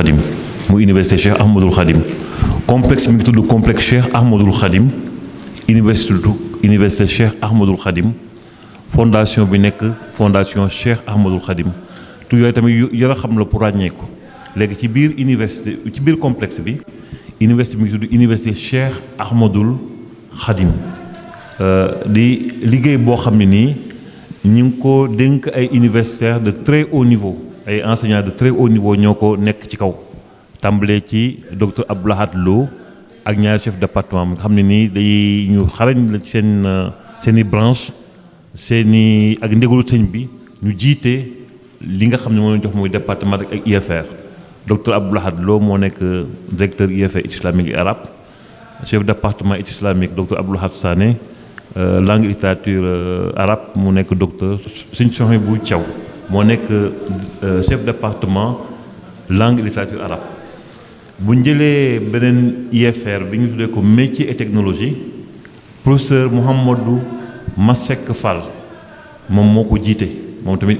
Khadim mu université Cheikh Ahmadul Khadim complexe mi ngi complexe Cheikh Ahmadul Khadim université université Cheikh Ahmadul Khadim fondation bi nek fondation Cheikh Ahmadul Khadim tu yoy tamit yara xam la pour ràññee ko léegi ci bir université ci bir complexe bi université mi université Cheikh Ahmadul Khadim euh, di liggéey boo xam ne nii ñu ko denk ay universitaires de très haut niveau et enseignant de très haut niveau ñoko nek ci kaw docteur Lou, ak chef département nga day la euh, branche ak bi ñu li nga département IFR docteur euh, islamique arabe chef département islamique docteur Abdoulahat Sané euh, langue littérature arabe mu docteur suis euh, suis chef département langue et littérature arabe Je suis benen IFR métier et technologie professeur Mohammed Masseck Fall mom moko jité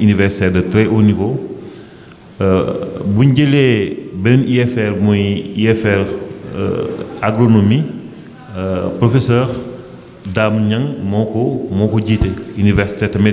universitaire de très haut niveau euh, bu suis IFR moy IFR euh, agronomie professeur Dame Niang moko université tamit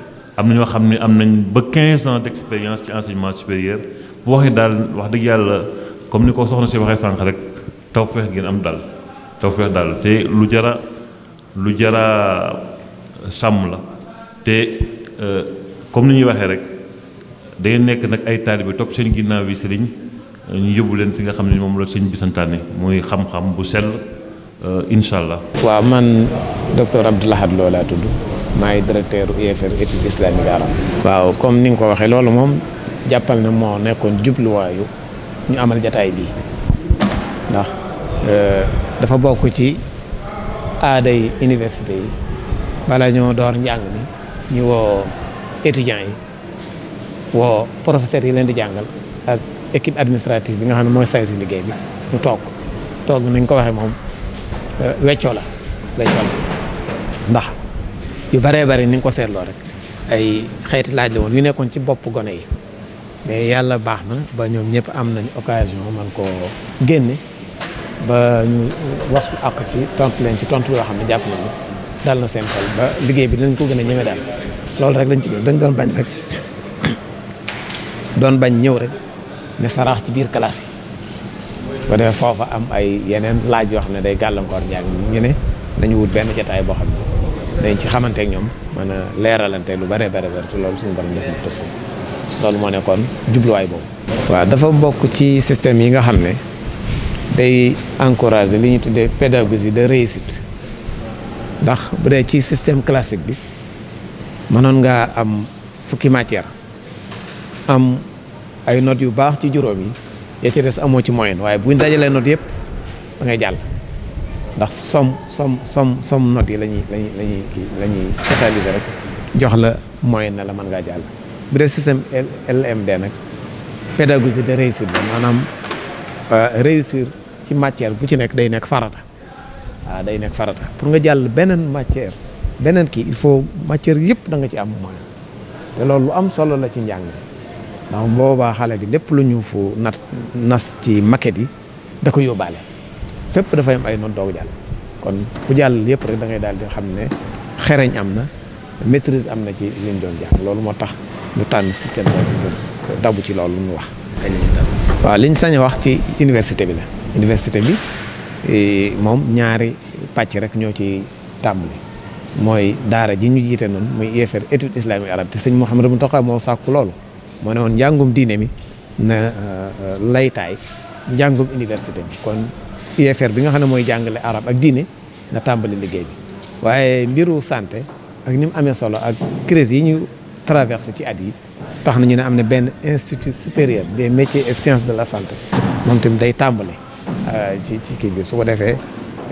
am na ñoo xam ne am nañ ba 15 ans d' expérience ci enseignement supérieur bu waxee daal wax dëgg yàlla comme ni ko soxna si waxee sànq rek taw feex am daal taw feex daal te lu jara lu jara sàmm la te euh, comme ni ñuy waxee rek day nekk nag ay taalibe topp seen ginnaaw yi sëriñ ñu yóbbu leen fi nga xam ne moom la sëñ bi santaane muy xam-xam bu sell euh, incha allah. waaw man docteur Abdoul Ahad Lo laa tudd. maay directeur UFM e étude islamique arabe waaw comme ni nga ko waxee loolu moom jàppal na moo nekkoon jubluwaayu ñu amal jataay bi ndax euh, dafa bokk ci aada yi université yi bala ñoo door njàng mi ñu woo étudiants yi woo professeurs yi leen di jàngal ak équipe administrative bi nga xam ne mooy saytu liggéey bi ñu toog toog nañ ko waxee moom euh, weccoo la weccoo la ndax yu baree bare ni nga ko seetloo rek ay xeeti laaj la woon yu nekkoon ci bopp gone yi mais yàlla baax na ba ñoom ñëpp am nañ occasion man koo génne ba ñu was àq ci tontu leen ci tontu yoo xam ne jàpp nañu na seen xel ba liggéey bi dañ ko gën a ñeme daal loolu rek lañ ci doon dañ doon bañ rek doon bañ ñëw rek ne saraax ci biir classe yi ba defee foofa am ay yeneen laaj yoo xam ne day gàllankoor njàng ñu ne nañu wut benn jataay boo xam ne dañ ci xamante ñoom mën a leeralante lu bare bare bare te loolu suñu borom def na tëf loolu moo nekkoon jubluwaay boobu. waaw dafa bokk ci système yi nga xam ne day encourager li ñu tuddee pédagogie de réussite ndax bu dee ci système classique bi mënoon ngaa am fukki matière am ay notes yu baax ci juróom yi ya ci des amoo ci moyenne waaye bu ñu dajalee notes yëpp da ngay jàll. ndax som som som som note yi lañuy lañuy la kii la ñuy catalyser rek jox la moyen na la man ngaa jàll bu dee système LMD nag pédagogie de réussite la maanaam euh, réussir ci matière bu ci nekk day nekk farata waaw ah, day nekk farata pour nga jàll beneen matière beneen kii il faut matière yëpp da nga ci am moyen te loolu lu am solo la ci njàng ndax boobaa xale bi lépp lu ñu fu nat nas ci maquette yi da ko yóbbaale fépp dafay am ay noonu doog jàll kon ku jàll yëpp rek da ngay daal di xam ne xereñ am na maîtrise am na ci liñ doon jàng loolu moo tax ñu tànn système boobu dabu ci loolu ñu wax. waaw liñ sañ wax ci université bi la université bi e, moom ñaari pàcc rek ñoo ci tàmbali mooy daara ji ñu jiite noonu muy IEFR étude islamique arabe te sëñ Mouhamadou Mountakha moo sàkku loolu moo ne woon njàngum diine mi na e, e, laytaay njàngum université bi kon. UFR bi nga xam ne mooy jàngale arab ak diine na tàmbali liggéey bi waaye mbiru santé ak ni mu amee solo ak crise yi ñu traversé ci at yi tax na ñu ne am na benn institut supérieur de métiers et de la santé moom tamit day tàmbali euh, ci ci kii bi su ko defee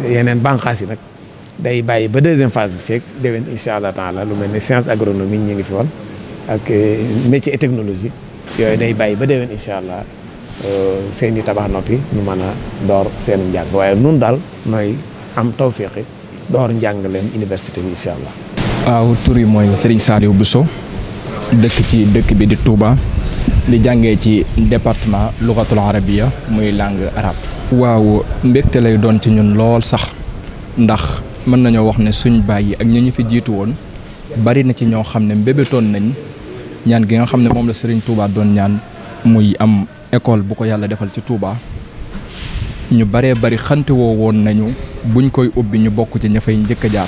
yeneen bànqaas yi nag day bàyyi ba deuxième phase bi feeg déwén incha allah taala lu mel ne science agronomie ñu ngi fi woon ak euh, métier et technologie yooyu day bàyyi ba déwén incha allah Eh, seen i tabax nopi, nu dor saya door seen jang waye nun dal noy am tawfiq door jang leen université bi inshallah allah. waaw turi moy Serigne Saliou Bousso dekk ci dekk bi di Touba di jangé ci département lughatul arabiya muy langue arabe. waaw mbégte lay doon ci ñun lool sax ndax mën nañu wax ne suñ bayyi ak ñi ñu fi jitu won bari na ci ño xam mbébé ton nañ ñaan gi nga xam mom la Serigne Touba doon ñaan muy am. école bu ko yàlla defal ci Touba ñu baree bari xante woo woon nañu buñ koy ubbi ñu bokk ci ña fay njëkk a jaar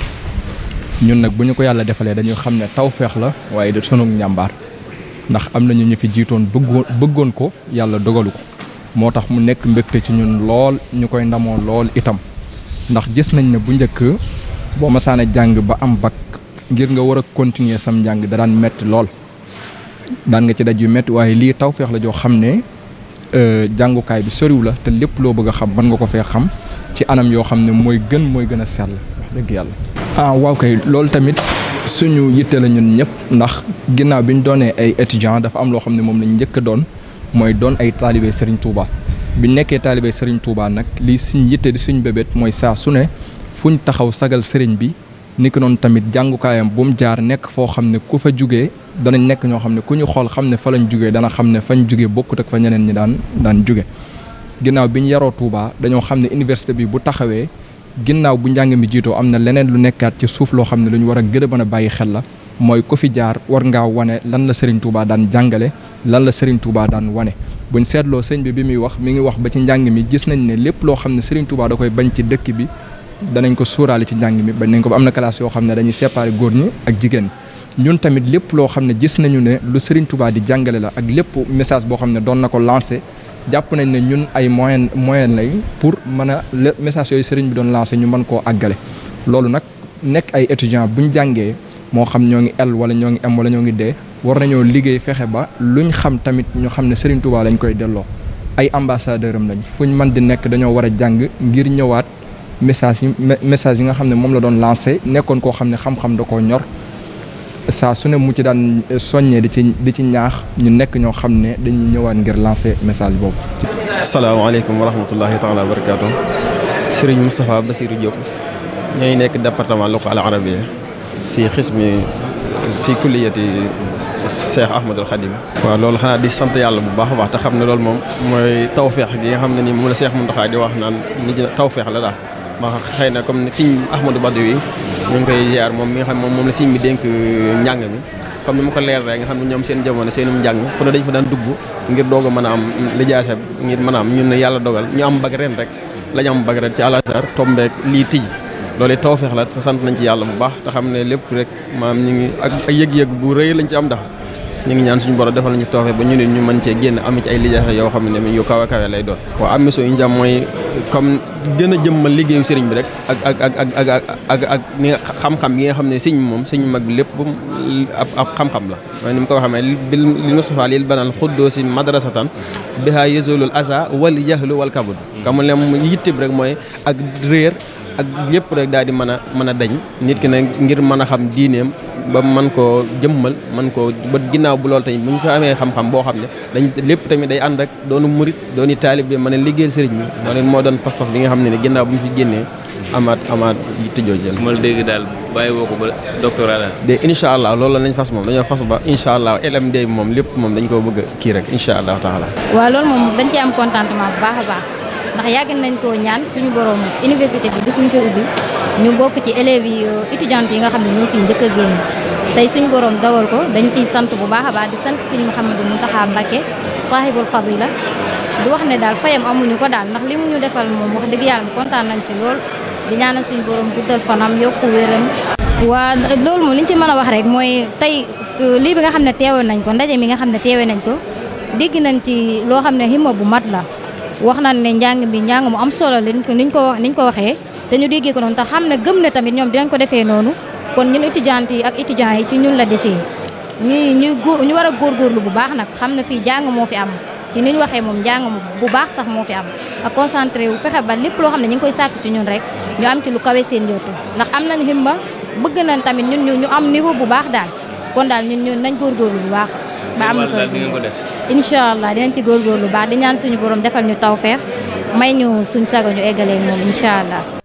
ñun nag bu ñu ko yàlla defalee dañuy xam ne tawfeex la waaye de sunu njàmbaar ndax am nañu ñu fi jiitoon bëggoon ko yàlla dogalu ko moo tax mu nekk mbégte ci ñun lool ñu koy ndamoo lool itam ndax gis nañ ne bu njëkk boo masaane jàng ba am bag ngir nga war a continuer sam njàng da daan metti lool daan nga ci daj yu metti waaye lii tawfeex la joo xam ne Euh, jàngukaay bi soriw la te lépp loo bëgg a xam ban nga ko fee xam ci anam yoo xam ne mooy gën mooy gën a sell wax dëgg yàlla. ah waaw loolu tamit suñu yitte la ñun ñëpp ndax ginnaaw bi ñu doonee ay étudiants dafa am loo xam ne moom lañ njëkk a doon mooy doon ay taalibe Serigne Touba bi nekkee taalibe Serigne Touba nag lii suñ yitte di suñ bébét mooy saa su ne fu fuñ taxaw sagal Serigne bi. ni ki noonu tamit jàngukaayam bu mu jaar nekk foo xam ne ku fa jugee danañ nekk ñoo xam ne ku ñu xool xam ne fa lañ jugee dana xam ne fañ jugee bokkut ak fa ñeneen ñi daan daan juge ginnaaw bi ñu yaroo Touba dañoo xam ne université bi bu taxawee ginnaaw bu njàng mi jiitoo am na leneen lu nekkaat ci suuf loo xam ne lu ñu war a gën a mën a bàyyi xel la mooy ku fi jaar war ngaa wane lan la seriñ Touba daan jàngale lan la Serigne Touba daan wane buñ seetloo sëñ bi bi muy wax mi ngi wax ba ci njàng mi gis nañ ne lépp loo xam ne Serigne da koy bañ ci dëkk bi danañ ko suuraale ci njàng mi bañ nañ ko ba am na classe yoo xam ne dañuy séparer góor ñi ak jigéen ñun tamit lépp loo xam ne gis nañu ne lu Serigne Touba di jàngale la ak lépp message boo xam ne doon na ko lancé jàpp nañ ne ñun ay moyen moyen lay pour mën a message yooyu Serigne bi doon lancé ñu mën koo àggale loolu nag nekk ay étudiant bu ñu jàngee moo xam ñoo ngi L wala ñoo ngi M wala ñoo ngi dee war nañoo liggéey fexe ba luñ xam tamit ñu xam ne Serigne Touba lañ koy delloo ay ambassadeur am lañ fu ñu mën di nekk dañoo war a jàng ngir ñëwaat message yi nga xamne mom la doon lancer nekkon ko xamne xam-xam da koo ñor sa suné mu ci daan soññee di ci di ci ñaax ñu nekk ño xamne ne dañuy ñëwaat ngir lancer message boobu. alaykum wa rahmatullahi taala wa barakatuh Serigne Moustapha basirou Diop ñay nekk département Louga al Arabia fii xismi fii kulliyati Cheikh Ahmadul Khadim waaw loolu xanaa di sant yàlla bu baax a baax te xam ne loolu moom mooy tawféex gi nga xam ne nii moom la Cheikh Mountakha di wax naan ñi tawféex la daal. ma xëy na comme sëñ Ahmadou Badou yi ñu ngi koy ziar moom mi nga xam moom moom la sëñ bi dénk njàng mi comme ni ma ko leer rek nga xam ne ñoom seen jamono seenum njàng fu ne dañ fa daan dugg ngir doog a a am lijaasa ngir mën a am ñun ne yàlla dogal ñu am bag ren rek lañu am bag ren ci àlasar tombeek lii tij loolu taw la sa sant nañ ci yàlla bu baax te xam ne lépp rek maam ñu ngi ak yëg-yëg bu rëy lañ ci am ndax ñu ngi ñaan suñu borom defal nañu toofe ba ñu ne ñu mën cee génn am ci ay lijaaxe yoo xam ne yu kawe kawe lay doon waaw am mission yi ñu mooy comme gën a jëmmal liggéeyu sëriñ bi rek ak ak ak ak ak ak ni xam-xam yi nga xam ne sëñ moom sëñ mag bi lépp ab ab xam-xam la mooy ni mu ko waxee may li Mustafa lil banal xuddoosi madrasatan biha yazulul asa wal jahlu wal kabud xamul ne mu yittib rek mooy ak réer ak lépp rek daal di mën a mën a dañ nit ki nag ngir mën a xam diineem ba man koo jëmmal man koo ba ginnaaw bu loolu tamit mu ñu fa amee xam-xam boo xam ne dañ lépp tamit day ànd ak doonu murit dooni taalib bi mën a liggéeyal sëriñ bi moo moo doon pas-pas bi nga xam ne ne ginnaaw bu ñu fi génnee amaat amaat tëjoo jël su ma dégg daal bàyyi woo ko ba doctorat la incha allah loolu la nañ fas moom dañoo fas ba incha allah LMD bi moom lépp moom dañ koo bëgg a kii rek incha allah taala waaw loolu moom dañ ci am contentement bu baax a baax ndax nañ koo ñaan suñu borom université bi bi suñ ko ñu bokk ci élèves yi euh, étudiantes yi nga xam ne ñoo ci njëkk a génn tey suñ boroom dogal ko dañ ciy sant bu baax a baax di sant Serigne Mouhamadou Mountakha Mbacké sahibul fadila di wax ne daal fayam amuñu ko daal ndax li mu ñu defal moom wax dëgg yàlla kontaan nañ ci lool di ñaanal suñ borom guddal fanam yokk wéram waa loolu moom liñ ci mën a wax rek mooy tey euh, lii bi nga xam ne teewe nañ ko ndaje mi nga xam ne teewe nañ ko dégg nañ ci loo xam ne himma bu mat la wax nañ ne njàng bi njàng mu am solo liñ ko niñ ko niñ ko waxee te ñu déggee ko noonu te xam ne gëm ne tamit ñoom dinañ ko defee noonu kon ñun étudiante yi ak étudiants yi ci ñun la desee ñuy ñu góor ñu war a góorgóorlu bu baax nag xam na fii jàng moo fi am ci ni ñu waxee moom njàng bu baax sax moo fi am ak concentré wu fexe ba lépp loo xam ne ñu ngi koy sàkk ci ñun rek ñu am ci lu kawe seen njortu ndax am nañ himma bëgg nañ tamit ñun ñu ñu am niveau bu baax daal kon daal ñun ñun nañ góorgóorlu bu baax ba am ko incha allah dinañ ci góorgóorlu bu baax di ñaan suñu borom defal ñu tawfeex may ñu suñ sago ñu eggalee moom incha allah